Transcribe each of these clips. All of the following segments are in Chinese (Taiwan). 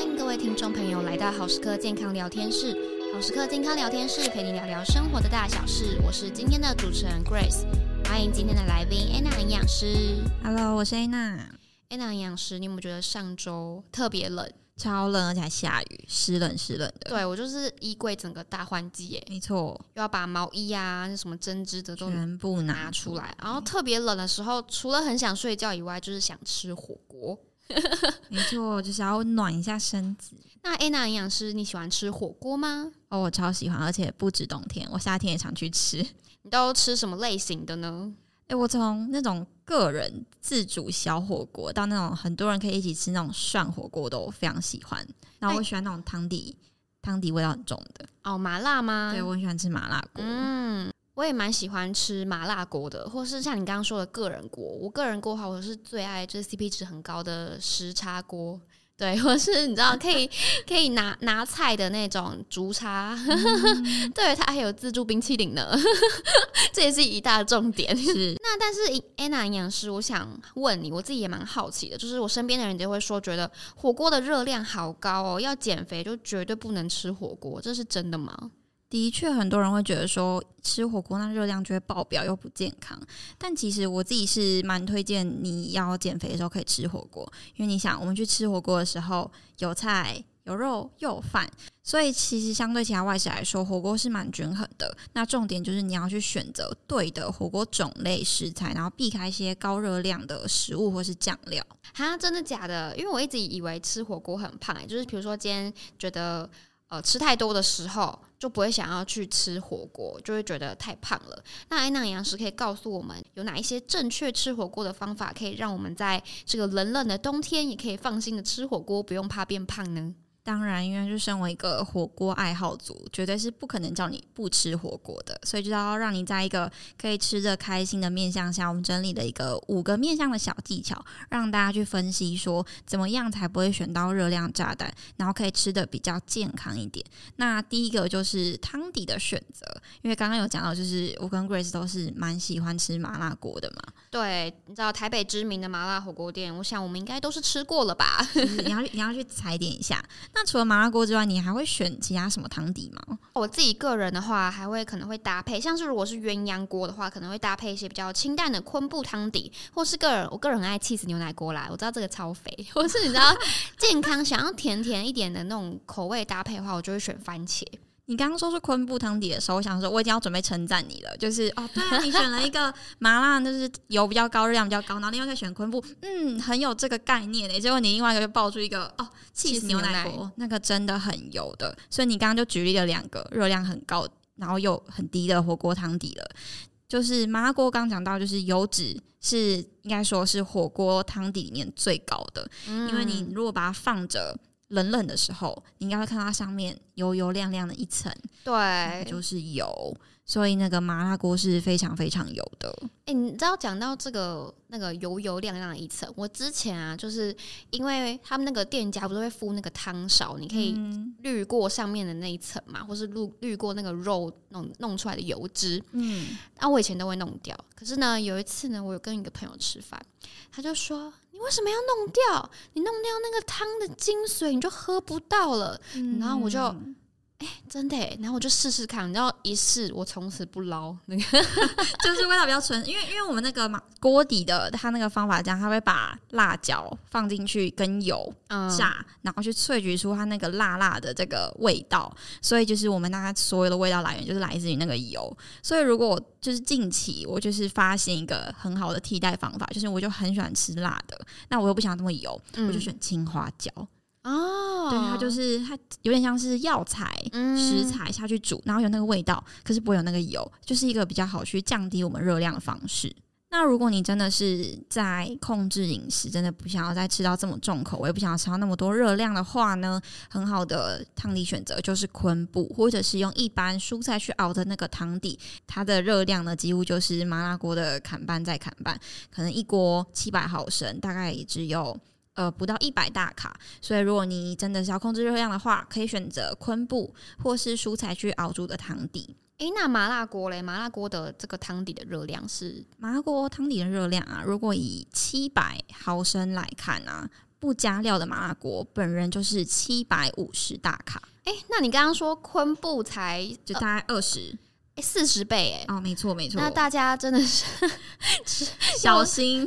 歡迎各位聽眾朋友來到好時刻健康聊天室。好時刻健康聊天室陪你聊聊生活的大小事，我是今天的主持人 Grace。歡迎今天的來賓 Anna 營養師。Hello，我是 Anna。Anna 營養師，你有沒有覺得上周特別冷？超冷，而且還下雨，濕冷濕冷的。對，我就是衣櫃整個大換季耶，沒錯，又要把毛衣啊，那什麼針織的都全部拿出來。然後特別冷的時候，除了很想睡覺以外，就是想吃火鍋。 沒錯，就是要暖一下身子。那安娜營養師，你喜歡吃火鍋嗎？哦，我超喜歡，而且不止冬天，我夏天也常去吃。你都吃什麼類型的呢？哎、欸，我從那種個人自主小火鍋，到那種很多人可以一起吃那種涮火鍋，都非常喜歡。那我喜歡那種湯底，湯底、欸、湯底味道很重的。哦，oh, 麻辣嗎？對，我很喜歡吃麻辣鍋。嗯。我也蠻喜歡吃麻辣鍋的，或是像你剛剛說的個人鍋。我個人鍋的話，我是最愛就是 CP 值很高的時差鍋，對，或是你知道可以 可以拿拿菜的那種竹叉。嗯、 對，它還有自助冰淇淋呢， 這也是一大重點。是那，但是 Anna 營養師，我想問你，我自己也蠻好奇的，就是我身邊的人就會說，覺得火鍋的熱量好高哦，要減肥就絕對不能吃火鍋，這是真的嗎？的確，很多人會覺得說吃火鍋那熱量就會爆表又不健康，但其實我自己是蠻推薦你要減肥的時候可以吃火鍋，因為你想，我們去吃火鍋的時候有菜有肉又有飯，所以其實相對其他外食來說，火鍋是蠻均衡的。那重點就是你要去選擇對的火鍋種類食材，然後避開一些高熱量的食物或是醬料。哈，真的假的？因為我一直以為吃火鍋很胖欸，就是比如說今天覺得。呃，吃太多的時候就不會想要去吃火鍋，就會覺得太胖了。那安娜營養師可以告訴我們有哪一些正確吃火鍋的方法，可以讓我們在這個冷冷的冬天也可以放心的吃火鍋，不用怕變胖呢？當然，因為就身為一個火鍋愛好族，絕對是不可能叫你不吃火鍋的，所以就要讓你在一個可以吃着開心的面向下，我們整理了一個五個面向的小技巧，讓大家去分析說怎麼樣才不會選到熱量炸彈，然後可以吃的比較健康一點。那第一個就是湯底的選擇，因為剛剛有講到，就是我跟 Grace 都是蠻喜歡吃麻辣鍋的嘛。對，你知道台北知名的麻辣火鍋店，我想我們應該都是吃過了吧？嗯、你要你要去踩點一下。那除了麻辣鍋之外，你還會選其他什麼湯底嗎？我自己個人的話，還會可能會搭配，像是如果是鴛鴦鍋的話，可能會搭配一些比較清淡的昆布湯底，或是個人我個人很愛 cheese 牛奶鍋啦。我知道這個超肥，或是你知道 健康想要甜甜一點的那種口味搭配的話，我就會選番茄。你剛剛說是昆布湯底的時候，我想說，我已經要準備稱讚你了，就是哦，對、啊， 你選了一個麻辣，就是油比較高，熱量比較高，然後另外一個選昆布，嗯，很有這個概念的。結果你另外一個就爆出一個哦起司牛奶鍋，奶那個真的很油的。所以你剛剛就舉例了兩個熱量很高，然後又很低的火鍋湯底了，就是麻辣鍋，剛講到就是油脂是應該說是火鍋湯底裡面最高的，嗯、因為你如果把它放着。冷冷的時候，你應該會看到它上面油油亮亮的一層，對，就是油。所以那個麻辣鍋是非常非常油的。誒、欸，你知道講到這個那個油油亮亮的一層，我之前啊，就是因為他們那個店家不是會附那個湯勺，嗯、你可以濾過上面的那一層嘛，或是濾濾過那個肉弄弄出來的油脂。嗯，那、啊、我以前都會弄掉。可是呢，有一次呢，我有跟一個朋友吃飯，他就說：“你為什麼要弄掉？你弄掉那個湯的精髓，你就喝不到了。”嗯，然後我就。哎、欸，真的、欸，然後我就試試看，然後一試，我從此不撈那個， 就是味道比較純，因為因為我們那個嘛鍋底的，它那個方法這樣，它會把辣椒放進去跟油炸，嗯、然後去萃取出它那個辣辣的這個味道，所以就是我們大家所有的味道來源就是來自於那個油，所以如果就是近期我就是發現一個很好的替代方法，就是我就很喜歡吃辣的，那我又不想那麼油，我就選青花椒。嗯。哦，oh、對，它就是它有點像是藥材食材下去煮，嗯、然後有那個味道，可是不會有那個油，就是一個比較好去降低我們熱量的方式。那如果你真的是在控制飲食，真的不想要再吃到這麼重口味，我也不想要吃到那麼多熱量的話呢，很好的湯底選擇就是昆布，或者是用一般蔬菜去熬的那個湯底，它的熱量呢幾乎就是麻辣鍋的砍半再砍半，可能一鍋七百毫升，大概也只有。呃，不到一百大卡，所以如果你真的是要控制熱量的話，可以選擇昆布或是蔬菜去熬煮的湯底。哎、欸，那麻辣鍋嘞？麻辣鍋的這個湯底的熱量是？麻辣鍋湯底的熱量啊，如果以七百毫升來看啊，不加料的麻辣鍋，本人就是七百五十大卡。哎、欸，那你剛剛說昆布才就大概二十。呃哎，四十、欸、倍哎、欸！哦，沒錯沒錯。那大家真的是, 是小心，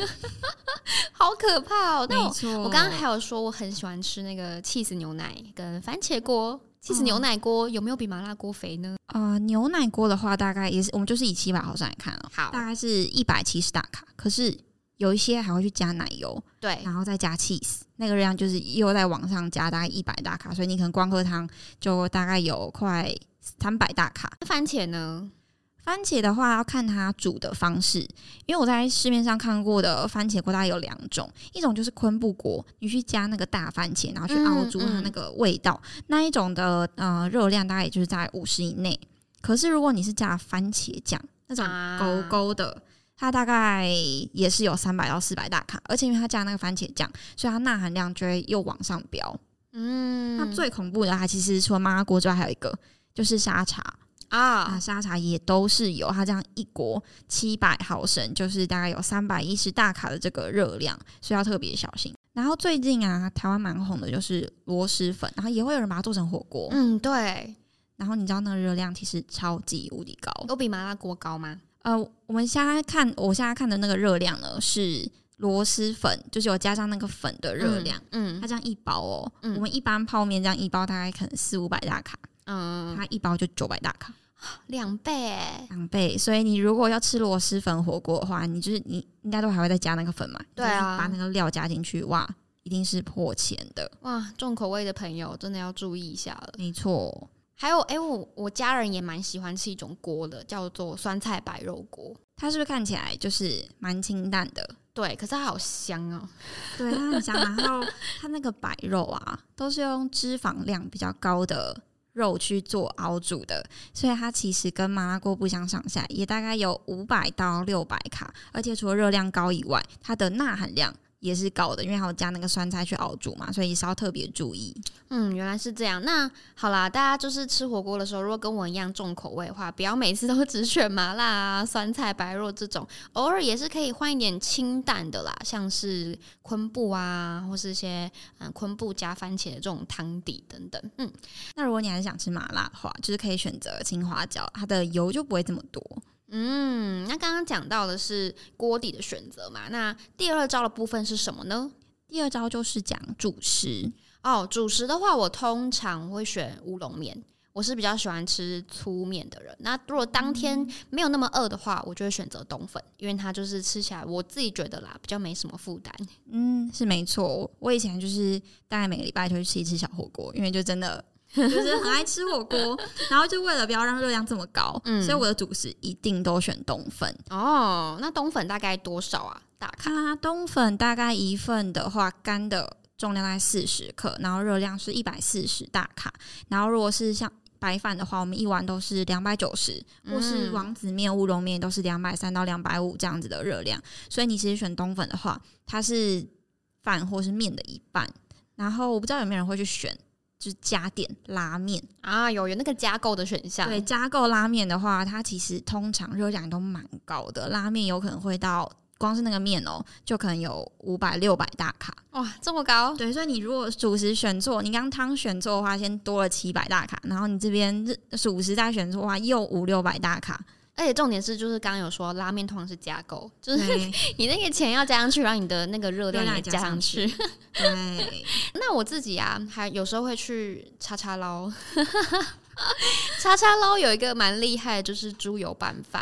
好可怕哦！沒錯。那我我剛剛還有說，我很喜歡吃那個 cheese 牛奶跟番茄鍋。cheese 牛奶鍋有沒有比麻辣鍋肥呢？啊、哦呃，牛奶鍋的話，大概也是我們就是以七百毫升來看哦。好，大概是一百七十大卡。可是有一些還會去加奶油，對，然後再加 cheese，那個熱量就是又在往上加，大概一百大卡。所以你可能光喝湯就大概有快。三百大卡。番茄呢？番茄的話要看它煮的方式，因為我在市面上看過的番茄鍋大概有兩種，一種就是昆布鍋，你去加那個大番茄，然後去熬煮它那個味道，嗯嗯、那一種的呃熱量大概也就是在五十以內。可是如果你是加番茄醬，那種勾勾的，啊、它大概也是有三百到四百大卡，而且因為它加那個番茄醬，所以它鈉含,含量就會又往上飆。嗯，那最恐怖的還其實除了麻辣鍋之外，還有一個。就是沙茶，oh. 啊，沙茶也都是有它這樣一鍋七百毫升，就是大概有三百一十大卡的這個熱量，所以要特別小心。然後最近啊，台灣蠻紅的就是螺螄粉，然後也會有人把它做成火鍋。嗯，對。然後你知道那個熱量其實超級無敵高，都比麻辣鍋高嗎？呃，我們現在看，我現在看的那個熱量呢，是螺螄粉，就是有加上那個粉的熱量嗯。嗯，它這樣一包哦，嗯、我們一般泡麵這樣一包大概可能四五百大卡。嗯，它一包就九百大卡，兩倍，欸，兩倍。所以你如果要吃螺螄粉火鍋的話，你就是你應該都還會再加那個粉嘛？對啊，把那個料加進去，哇，一定是破千的。哇，重口味的朋友真的要注意一下了。沒錯錯，還有，哎、欸，我我家人也蠻喜歡吃一種鍋的，叫做酸菜白肉鍋。它是不是看起來就是蠻清淡的？對，可是它好香哦、喔。對，它很香。 然後它那個白肉啊，都是用脂肪量比較高的。肉去做熬煮的，所以它其實跟麻辣鍋不相上下，也大概有五百到六百卡，而且除了熱量高以外，它的鈉含量，也是高的，因為還要加那個酸菜去熬煮嘛，所以也是要特別注意。嗯，原來是這樣。那好啦，大家就是吃火鍋的時候，如果跟我一樣重口味的話，不要每次都只選麻辣啊、酸菜、白肉這種，偶爾也是可以換一點清淡的啦，像是昆布啊，或是一些嗯昆布加番茄的這種湯底等等。嗯，那如果你還是想吃麻辣的話，就是可以選擇青花椒，它的油就不會這麼多。嗯，那剛剛講到的是鍋底的選擇嘛，那第二招的部分是什麼呢？第二招就是講主食哦。主食的話，我通常會選烏龍麵，我是比較喜歡吃粗麵的人。那如果當天沒有那麼餓的話，我就會選擇冬粉，因為它就是吃起來我自己覺得啦，比較沒什麼負擔。嗯，是沒錯，我以前就是大概每個禮拜就會去吃一次小火鍋，因為就真的。就是很愛吃火鍋， 然後就為了不要讓熱量這麼高，嗯，所以我的主食一定都選冬粉哦。那冬粉大概多少啊？大卡？啊，冬粉大概一份的話，乾的重量在四十克，然後熱量是一百四十大卡。然後如果是像白飯的話，我們一碗都是兩百九十，或是王子麵、烏龍麵都是兩百三到兩百五這樣子的熱量。嗯，所以你其實選冬粉的話，它是飯或是麵的一半。然後我不知道有沒有人會去選。就是加點拉麵啊，有有那個加購的選項。對，加購拉麵的話，它其實通常熱量都蠻高的。拉麵有可能會到光是那個麵哦、喔，就可能有五百六百大卡哇、哦，這麼高？對，所以你如果主食選錯，你剛剛湯選錯的話，先多了七百大卡，然後你這邊主食再選錯，哇，又五六百大卡。而且重點是，就是剛剛有說拉面通常是加購，就是你那個錢要加上去，然後你的那個熱量也加上去。對， 那我自己啊，還有時候會去叉叉撈， 叉叉撈有一個蠻厲害的，就是豬油拌飯，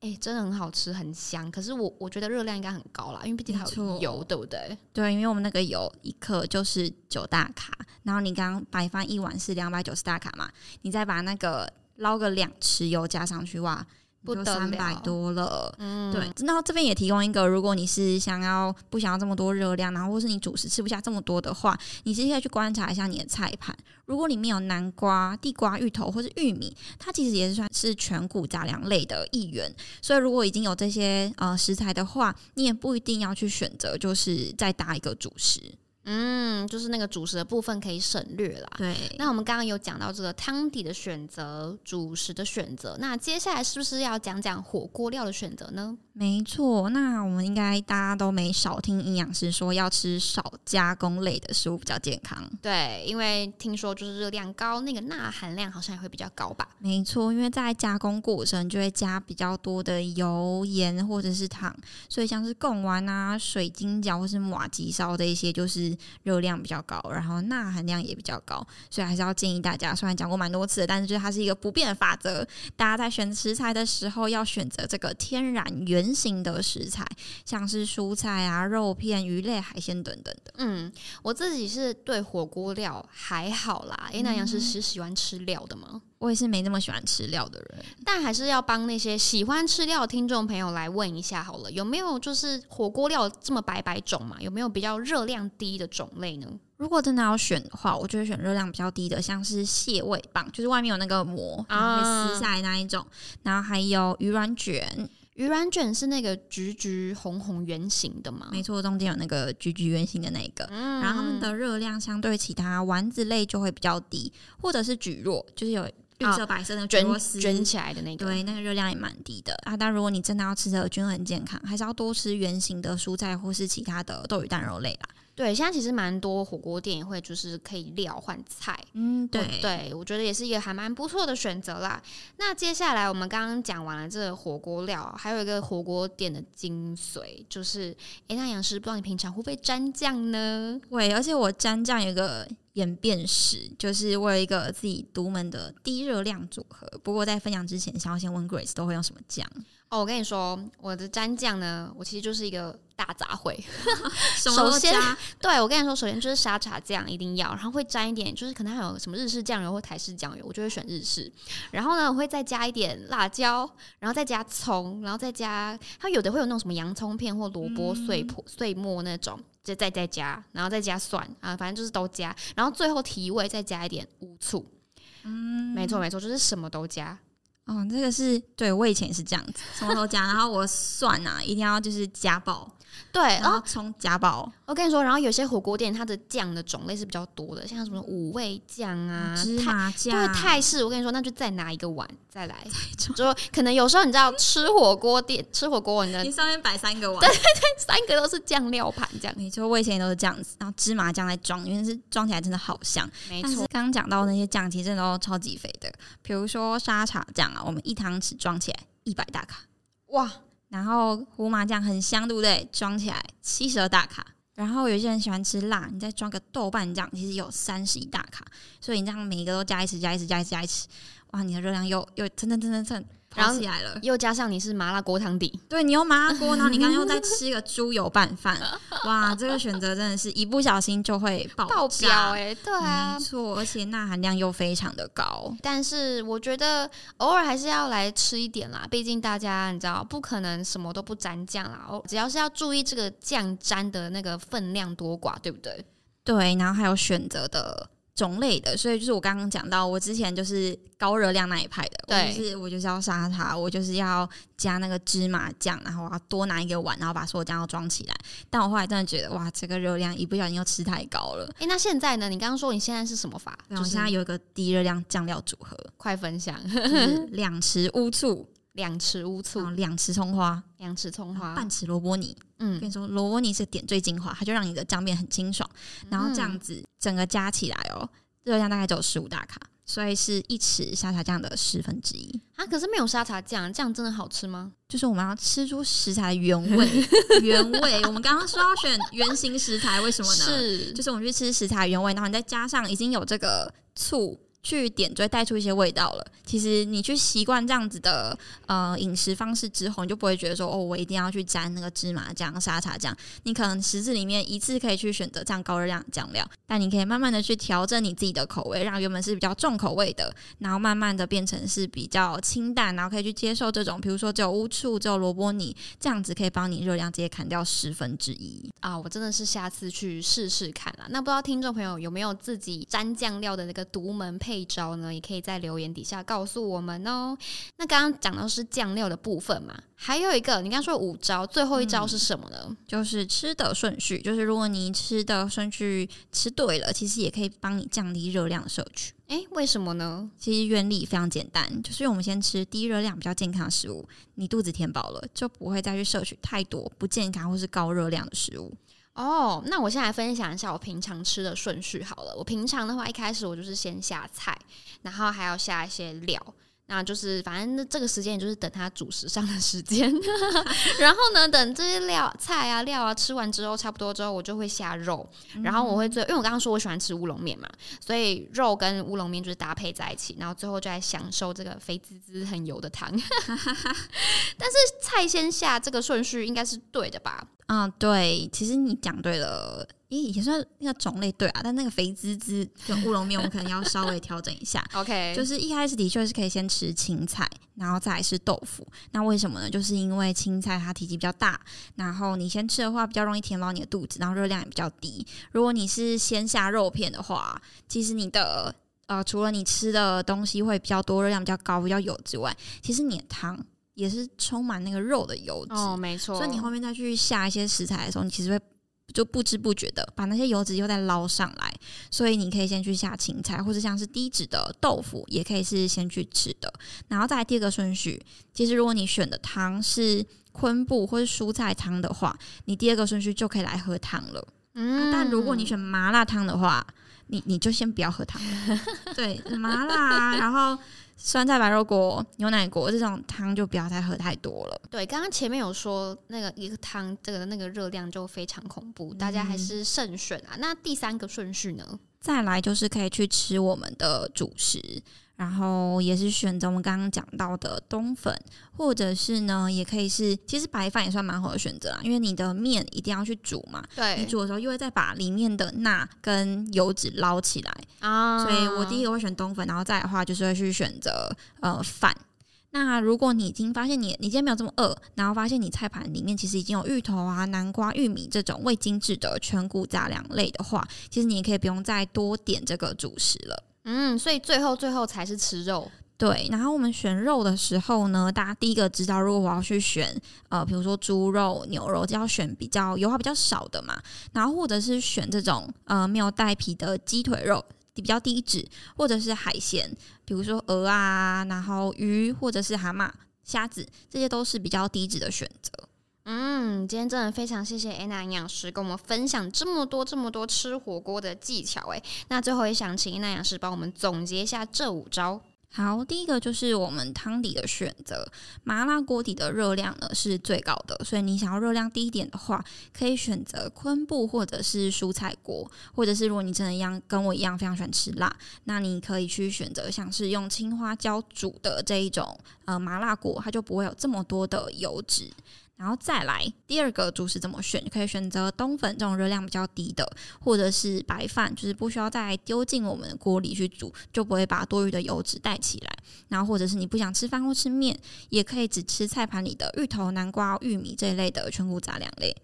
哎、欸，真的很好吃，很香。可是我我覺得熱量應該很高啦，因為畢竟有油，沒錯。對不對？對，因為我們那個油一克就是九大卡，然後你剛剛白飯一碗是兩百九十大卡嘛，你再把那個撈個兩匙油加上去，哇！不得了，都三百多了，嗯，對，那這邊也提供一個，如果你是想要不想要這麼多熱量，然後或是你主食吃不下這麼多的話，你直接去觀察一下你的菜盤，如果裡面有南瓜、地瓜、芋頭或是玉米，它其實也是算是全穀雜糧類的一員，所以如果已經有這些呃食材的話，你也不一定要去選擇，就是再搭一個主食。嗯，就是那個主食的部分可以省略了。對，那我們剛剛有講到這個湯底的選擇、主食的選擇，那接下來是不是要講講火鍋料的選擇呢？沒錯，那我們應該大家都沒少聽營養師說，要吃少加工類的食物比較健康。對，因為聽說就是熱量高，那個鈉含量好像也會比較高吧？沒錯，因為在加工過程就會加比較多的油、鹽或者是糖，所以像是貢丸啊、水晶餃或是麻糬燒的一些就是。熱量比較高，然後鈉含量也比較高，所以還是要建議大家。雖然講過蠻多次的，但是就是它是一個不變的法則。大家在選食材的時候，要選擇這個天然原形的食材，像是蔬菜啊、肉片、魚類、海鮮等等的。嗯，我自己是對火鍋料還好啦。哎、欸，那 Anna 是是喜歡吃料的嗎？嗯。我也是沒那麼喜歡吃料的人，但還是要幫那些喜歡吃料的聽眾朋友來問一下好了，有沒有就是火鍋料這麼白白種嘛？有沒有比較熱量低的種類呢？如果真的要選的話，我就會選熱量比較低的，像是蟹味棒，就是外面有那個膜然後會撕下來那一種，嗯、然後還有魚卵卷，魚卵卷是那個橘橘紅紅圓形的嘛？沒錯，中間有那個橘橘圓形的那個，嗯、然後它們的熱量相對其他丸子類就會比較低，或者是蒟蒻就是有。綠色白色那個捲捲起來的那個，對，那個熱量也蠻低的啊。但如果你真的要吃得均衡健康，還是要多吃原型的蔬菜或是其他的豆魚蛋肉類啦。對，現在其實蠻多火鍋店也會就是可以料換菜，嗯，對、哦、對，我覺得也是一個還蠻不錯的選擇啦。那接下來我們剛剛講完了這個火鍋料，還有一個火鍋店的精髓就是，誒、欸，那養師不知道你平常會不會沾醬呢？對，而且我沾醬有個。演變史，就是我有一個自己獨門的低熱量組合。不過在分享之前，想要先問 Grace，都會用什麼醬？哦，我跟你說，我的蘸醬呢，我其實就是一個大雜燴。 家首先，對，我跟你說，首先就是沙茶醬一定要，然後會沾一點，就是可能還有什麼日式醬油或台式醬油，我就會選日式。然後呢，我會再加一點辣椒，然後再加蔥，然後再加它有的會有那種什麼洋蔥片或蘿蔔碎、嗯、碎末那種，就再再加，然後再加蒜啊，反正就是都加。然後最後提味，再加一點烏醋。嗯，沒錯沒錯，就是什麼都加。哦，這個是對，我以前是這樣子，從頭講， 然後我蒜吶、啊、一定要就是加爆，對，然後從加爆。我跟你說，然後有些火鍋店它的醬的種類是比較多的，像什麼五味醬啊、芝麻醬、泰式。我跟你說，那就再拿一個碗再來，再裝就可能有時候你知道吃火鍋店 吃火鍋，你的你上面擺三個碗， 對對對，三個都是醬料盤這樣。你說我以前也都是這樣子，然後芝麻醬來裝，因為是裝起來真的好香。沒錯，但是剛剛講到那些醬，其實真的都超級肥的，比如說沙茶醬。我們一湯匙裝起來一百大卡，哇！然後胡麻醬很香，對不對？裝起來七十二大卡。然後有些人喜歡吃辣，你再裝個豆瓣醬，其實有三十一大卡。所以你這樣每一個都加一次，加一次，加一次，加一次，哇！你的熱量又又蹭蹭蹭蹭蹭。然後又加上你是麻辣鍋湯底，底對，你用麻辣鍋，然後你剛剛又再吃一個豬油拌飯， 哇，這個選擇真的是一不小心就會爆，爆表哎、欸，對啊，沒錯，而且鈉含量又非常的高。但是我覺得偶爾還是要來吃一點啦，畢竟大家你知道不可能什麼都不沾醬啦，只要是要注意這個醬沾的那個分量多寡，對不對？對，然後還有選擇的。種類的，所以就是我剛剛講到，我之前就是高熱量那一派的，對我就是我就是要沙茶，我就是要加那個芝麻醬，然後我要多拿一個碗，然後把所有醬都裝起來。但我後來真的覺得，哇，這個熱量一不小心又吃太高了。哎、欸，那現在呢？你剛剛說你現在是什麼法？我現在有一個低熱量醬料組合，快分享，兩匙烏醋。兩匙烏醋，兩匙蔥花，兩匙蔥花，半匙蘿蔔泥。嗯，跟你說，蘿蔔泥是點綴精華，它就讓你的醬面很清爽。然後這樣子，整個加起來哦，熱量、嗯、大概只有十五大卡，所以是一匙沙茶醬的十分之一。啊，可是沒有沙茶醬，醬真的好吃嗎？就是我們要吃出食材的原味， 原味。我們剛剛說要選原型食材，為什麼呢？是，就是我們去吃食材的原味，然後再加上已經有這個醋。去點綴帶出一些味道了。其實你去習慣這樣子的呃飲食方式之後，你就不會覺得說哦，我一定要去沾那個芝麻醬、沙茶醬。你可能食肆裡面一次可以去選擇這樣高熱量的醬料，但你可以慢慢的去調整你自己的口味，讓原本是比較重口味的，然後慢慢的變成是比較清淡，然後可以去接受這種，比如說只有烏醋、只有蘿蔔泥這樣子，可以幫你熱量直接砍掉十分之一啊！我真的是下次去試試看了。那不知道聽眾朋友有沒有自己沾醬料的那個獨門配？這一招呢，也可以在留言底下告訴我們哦。那剛剛講的是醬料的部分嘛，還有一個，你剛剛說的五招，最後一招是什麼呢？嗯，就是吃的順序，就是如果你吃的順序吃對了，其實也可以幫你降低熱量攝取。哎，為什麼呢？其實原理非常簡單，就是我們先吃低熱量比較健康的食物，你肚子填飽了，就不會再去攝取太多不健康或是高熱量的食物。哦，oh, 那我先來分享一下我平常吃的順序好了。我平常的話，一開始我就是先下菜，然後還要下一些料，那就是反正這個時間也就是等它主食上的時間。 然後呢，等這些料菜啊料啊吃完之後，差不多之後我就會下肉，嗯、然後我會最因為我剛剛說我喜歡吃烏龍麵嘛，所以肉跟烏龍麵就是搭配在一起，然後最後就來享受這個肥滋滋、很油的湯。 但是菜先下這個順序應該是對的吧？啊、嗯，對，其實你講對了，誒，也算那個種類對啊，但那個肥滋滋跟烏龍麵，我可能要稍微調整一下。OK， 就是一開始的確是可以先吃青菜，然後再是豆腐。那為什麼呢？就是因為青菜它體積比較大，然後你先吃的話比較容易填飽你的肚子，然後熱量也比較低。如果你是先下肉片的話，其實你的呃，除了你吃的東西會比較多，熱量比較高、比較油之外，其實你的湯。也是充滿那個肉的油脂，哦，沒錯。所以你後面再去下一些食材的時候，你其實會就不知不覺的把那些油脂又再撈上來。所以你可以先去下青菜，或者像是低脂的豆腐，也可以是先去吃的。然後再來第二個順序，其實如果你選的湯是昆布或是蔬菜湯的話，你第二個順序就可以來喝湯了。嗯、啊，但如果你選麻辣湯的話，你你就先不要喝湯。 對，麻辣，然後酸菜白肉鍋、牛奶鍋這種湯就不要再喝太多了。對，剛剛前面有說那個一個湯，這個那個熱量就非常恐怖，嗯、大家還是慎選啊。那第三個順序呢？再來就是可以去吃我們的主食。然後也是選擇我們剛剛講到的冬粉，或者是呢，也可以是，其實白飯也算蠻好的選擇啊，因為你的麵一定要去煮嘛，對，你煮的時候又會再把裡面的鈉跟油脂撈起來啊，哦、所以我第一個會選冬粉，然後再的話就是會去選擇呃飯。那如果你已經發現你你今天沒有這麼餓，然後發現你菜盤裡面其實已經有芋頭啊、南瓜、玉米這種未精製的全谷雜糧類的話，其實你也可以不用再多點這個主食了。嗯，所以最後最後才是吃肉。對，然後我們選肉的時候呢，大家第一個知道，如果我要去選呃，比如說豬肉、牛肉，就要選比較油花比較少的嘛。然後或者是選這種呃沒有帶皮的雞腿肉，比較低脂，或者是海鮮，比如說蚵啊，然後魚或者是蛤蟆、蝦子，這些都是比較低脂的選擇。嗯，今天真的非常謝謝安娜營養師跟我們分享這麼多這麼多吃火鍋的技巧誒，那最後也想請安娜營養師幫我們總結一下這五招。好，第一個就是我們湯底的選擇，麻辣鍋底的熱量呢是最高的，所以你想要熱量低一點的話，可以選擇昆布或者是蔬菜鍋，或者是如果你真的一樣跟我一樣非常喜歡吃辣，那你可以去選擇像是用青花椒煮的這一種，呃，麻辣鍋，它就不會有這麼多的油脂。然後再來第二個主食怎麼選？你可以選擇冬粉這種熱量比較低的，或者是白飯，就是不需要再丟進我們的鍋裡去煮，就不會把多餘的油脂帶起來。然後或者是你不想吃飯或吃麵，也可以只吃菜盤裡的芋頭、南瓜、玉米這一類的全穀雜糧類。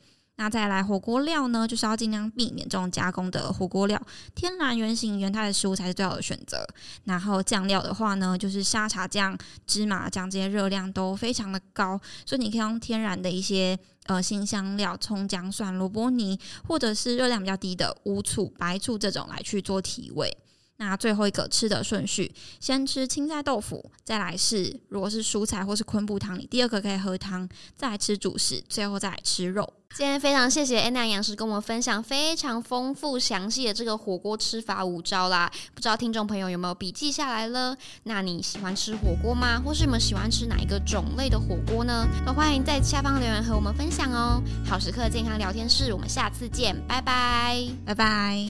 那再來火鍋料呢，就是要盡量避免這種加工的火鍋料，天然、原型、原態的食物才是最好的選擇。然後醬料的話呢，就是沙茶醬、芝麻醬這些熱量都非常的高，所以你可以用天然的一些呃辛香料、蔥薑蒜、蘿蔔泥，或者是熱量比較低的烏醋、白醋這種來去做提味。那最後一個吃的順序，先吃青菜豆腐，再來是如果是蔬菜或是昆布湯，你第二個可以喝湯，再來吃主食，最後再來吃肉。今天非常謝謝 Anna 營養師跟我們分享非常豐富詳細的這個火鍋吃法五招啦，不知道聽眾朋友有沒有筆記下來了？那你喜歡吃火鍋嗎？或是你們喜歡吃哪一個種類的火鍋呢？都歡迎在下方留言和我們分享哦、喔。好食課健康聊天室，我們下次見，拜拜，拜拜。